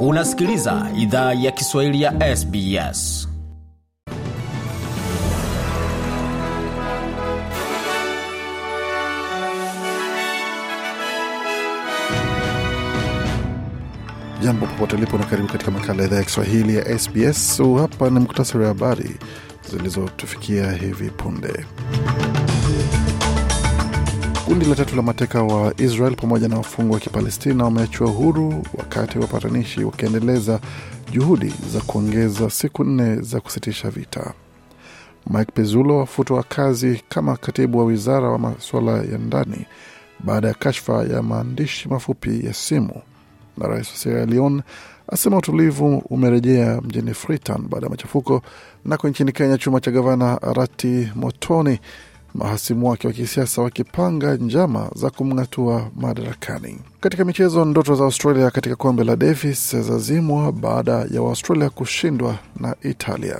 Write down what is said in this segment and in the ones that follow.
Unasikiliza idhaa ya Kiswahili ya SBS. Jambo popote ulipo na karibu katika makala idhaa ya Kiswahili ya SBS. Hapa ni muktasari wa habari zilizotufikia hivi punde. Kundi la tatu la mateka wa Israel pamoja na wafungwa wa Kipalestina wameachiwa huru wakati wapatanishi wakiendeleza juhudi za kuongeza siku nne za kusitisha vita. Mike pezulo afutwa kazi kama katibu wa wizara wa masuala ya ndani baada ya kashfa ya maandishi mafupi ya simu, na rais wa Sierra Leone asema utulivu umerejea mjini Freetown baada ya machafuko. Nako nchini Kenya, chuma cha gavana Arati motoni mahasimu wake wa kisiasa wakipanga njama za kumng'atua madarakani. Katika michezo, ndoto za Australia katika kombe la Davis zazimwa baada ya Waaustralia kushindwa na Italia.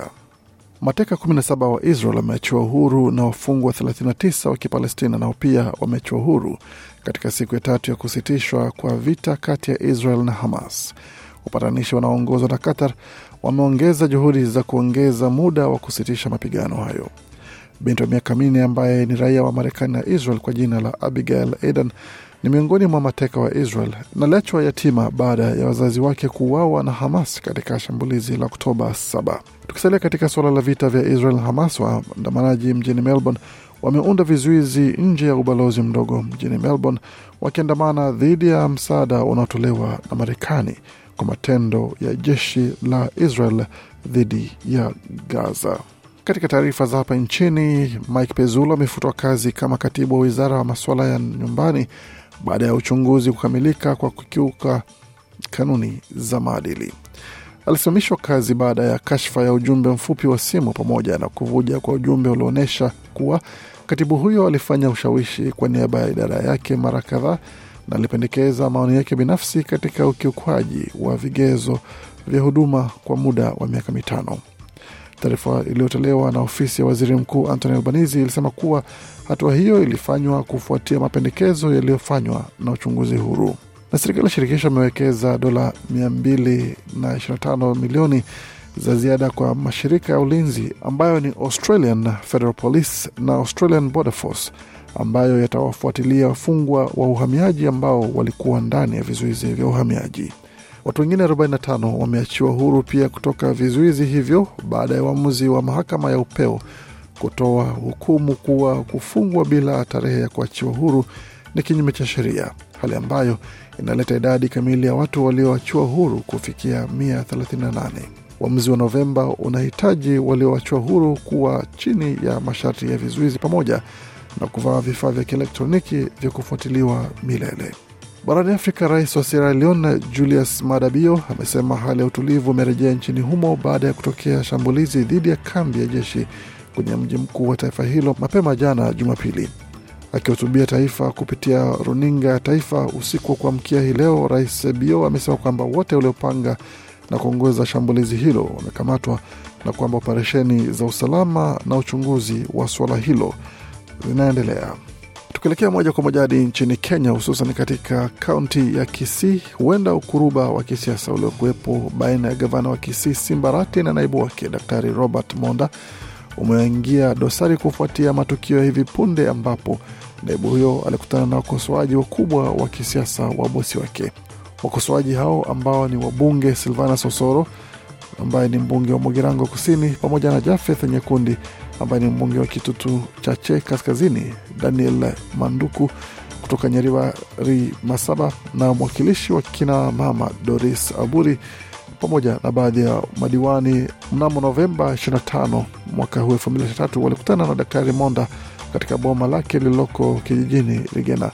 Mateka 17 wa Israel wameachiwa uhuru na wafungwa 39 wa Kipalestina nao pia wameachiwa uhuru katika siku ya tatu ya kusitishwa kwa vita kati ya Israel na Hamas. Upatanishi wanaoongozwa na Qatar wameongeza juhudi za kuongeza muda wa kusitisha mapigano hayo binti wa miaka minne ambaye ni raia wa Marekani na Israel kwa jina la Abigail Eden ni miongoni mwa mateka wa Israel na lechwa yatima baada ya wazazi wake kuuawa na Hamas katika shambulizi la Oktoba 7. Tukisalia katika suala la vita vya Israel Hamas, waandamanaji mjini Melbourne wameunda vizuizi nje ya ubalozi mdogo mjini Melbourne wakiandamana dhidi ya msaada unaotolewa na Marekani kwa matendo ya jeshi la Israel dhidi ya Gaza. Katika taarifa za hapa nchini, Mike Pezula amefutwa kazi kama katibu wa wizara wa masuala ya nyumbani baada ya uchunguzi kukamilika kwa kukiuka kanuni za maadili. Alisimamishwa kazi baada ya kashfa ya ujumbe mfupi wa simu pamoja na kuvuja kwa ujumbe ulioonyesha kuwa katibu huyo alifanya ushawishi kwa niaba ya idara yake mara kadhaa na alipendekeza maoni yake binafsi katika ukiukwaji wa vigezo vya huduma kwa muda wa miaka mitano. Taarifa iliyotolewa na ofisi ya waziri mkuu Anthony Albanese ilisema kuwa hatua hiyo ilifanywa kufuatia mapendekezo yaliyofanywa na uchunguzi huru. Na serikali ya shirikisho imewekeza dola 225 milioni za ziada kwa mashirika ya ulinzi ambayo ni Australian Federal Police na Australian Border Force ambayo yatawafuatilia wafungwa wa uhamiaji ambao walikuwa ndani ya vizuizi vya uhamiaji. Watu wengine 45 wameachiwa huru pia kutoka vizuizi hivyo baada ya uamuzi wa mahakama ya upeo kutoa hukumu kuwa kufungwa bila tarehe ya kuachiwa huru ni kinyume cha sheria, hali ambayo inaleta idadi kamili ya watu walioachiwa huru kufikia 138. Uamuzi wa Novemba unahitaji walioachiwa huru kuwa chini ya masharti ya vizuizi pamoja na kuvaa vifaa vya kielektroniki vya kufuatiliwa milele. Barani Afrika, rais wa Sierra Leone Julius Maada Bio amesema hali ya utulivu amerejea nchini humo baada ya kutokea shambulizi dhidi ya kambi ya jeshi kwenye mji mkuu wa taifa hilo mapema jana Jumapili. Akihutubia taifa kupitia runinga ya taifa usiku wa kuamkia hii leo, rais Bio amesema kwamba wote waliopanga na kuongoza shambulizi hilo wamekamatwa na kwamba operesheni za usalama na uchunguzi wa suala hilo zinaendelea. Tukielekea moja kwa moja hadi nchini Kenya, hususan katika kaunti ya Kisii, huenda ukuruba wa kisiasa uliokuwepo baina ya gavana wa Kisii Simba Arati na naibu wake Daktari Robert Monda umeingia dosari kufuatia matukio ya hivi punde ambapo naibu huyo alikutana na wakosoaji wakubwa wa kisiasa wa bosi wake. Wakosoaji hao ambao ni wabunge Silvana Sosoro ambaye ni mbunge wa Mogirango Kusini pamoja na Jafeth Nyekundi ambaye ni mbunge wa Kitutu Chache Kaskazini, Daniel Manduku kutoka Nyariwari Masaba, na mwakilishi wa kina mama Doris Aburi pamoja na baadhi ya madiwani. Mnamo Novemba 25 mwaka huu 2023 walikutana na Daktari Monda katika boma lake lililoko kijijini Rigena,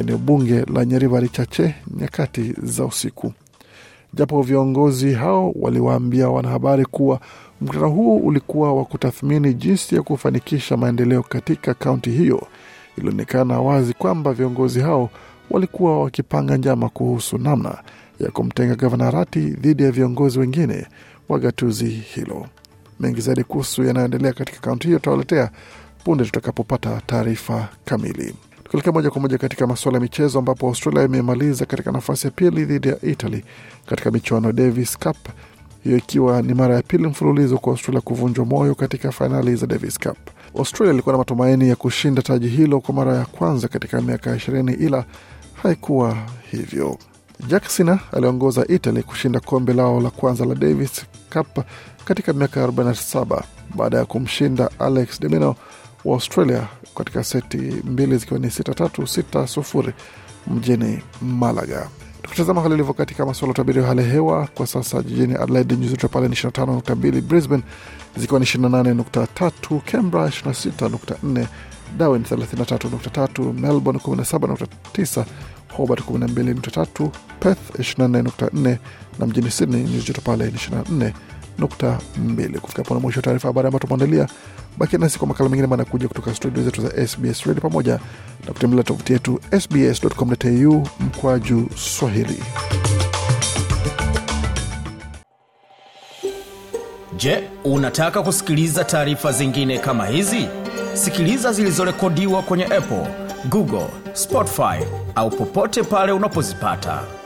eneo bunge la Nyariwari Chache, nyakati za usiku japo viongozi hao waliwaambia wanahabari kuwa mkutano huo ulikuwa wa kutathmini jinsi ya kufanikisha maendeleo katika kaunti hiyo. Ilionekana wazi kwamba viongozi hao walikuwa wakipanga njama kuhusu namna ya kumtenga gavana Rati dhidi ya viongozi wengine wa gatuzi hilo. Mengi zaidi kuhusu yanayoendelea katika kaunti hiyo tutawaletea punde tutakapopata taarifa kamili. Tukielekea moja kwa moja katika masuala ya michezo, ambapo Australia imemaliza katika nafasi ya pili dhidi ya Italy katika michuano Davis Cup, hiyo ikiwa ni mara ya pili mfululizo kwa Australia kuvunjwa moyo katika fainali za Davis Cup. Australia ilikuwa na matumaini ya kushinda taji hilo kwa mara ya kwanza katika miaka ishirini, ila haikuwa hivyo. Jack Sinner aliongoza Italy kushinda kombe lao la kwanza la Davis Cup katika miaka 47 baada ya kumshinda Alex de Minaur wa Australia katika seti mbili zikiwa ni sita tatu sita sufuri mjini Malaga. Tukitazama hali ilivyo katika masuala ya utabiri wa hali ya hewa kwa sasa, jijini Adelaide nyuzi joto pale ni 25.2, Brisbane zikiwa ni 28.3, Canberra 26.4, Darwin 33.3, Melbourne 17.9, Hobart 12.3, Perth 24.4 na mjini Sydney nyuzi joto pale ni 24 nukta mbili. Kufika pone mwisho taarifa habari ambayo tumeandalia. baki nasi kwa makala mengine manakuja kutoka studio zetu za SBS Radio pamoja na kutembelea tovuti yetu sbs.com.au mkwaju Swahili. Je, unataka kusikiliza taarifa zingine kama hizi? Sikiliza zilizorekodiwa kwenye Apple, Google, Spotify au popote pale unapozipata.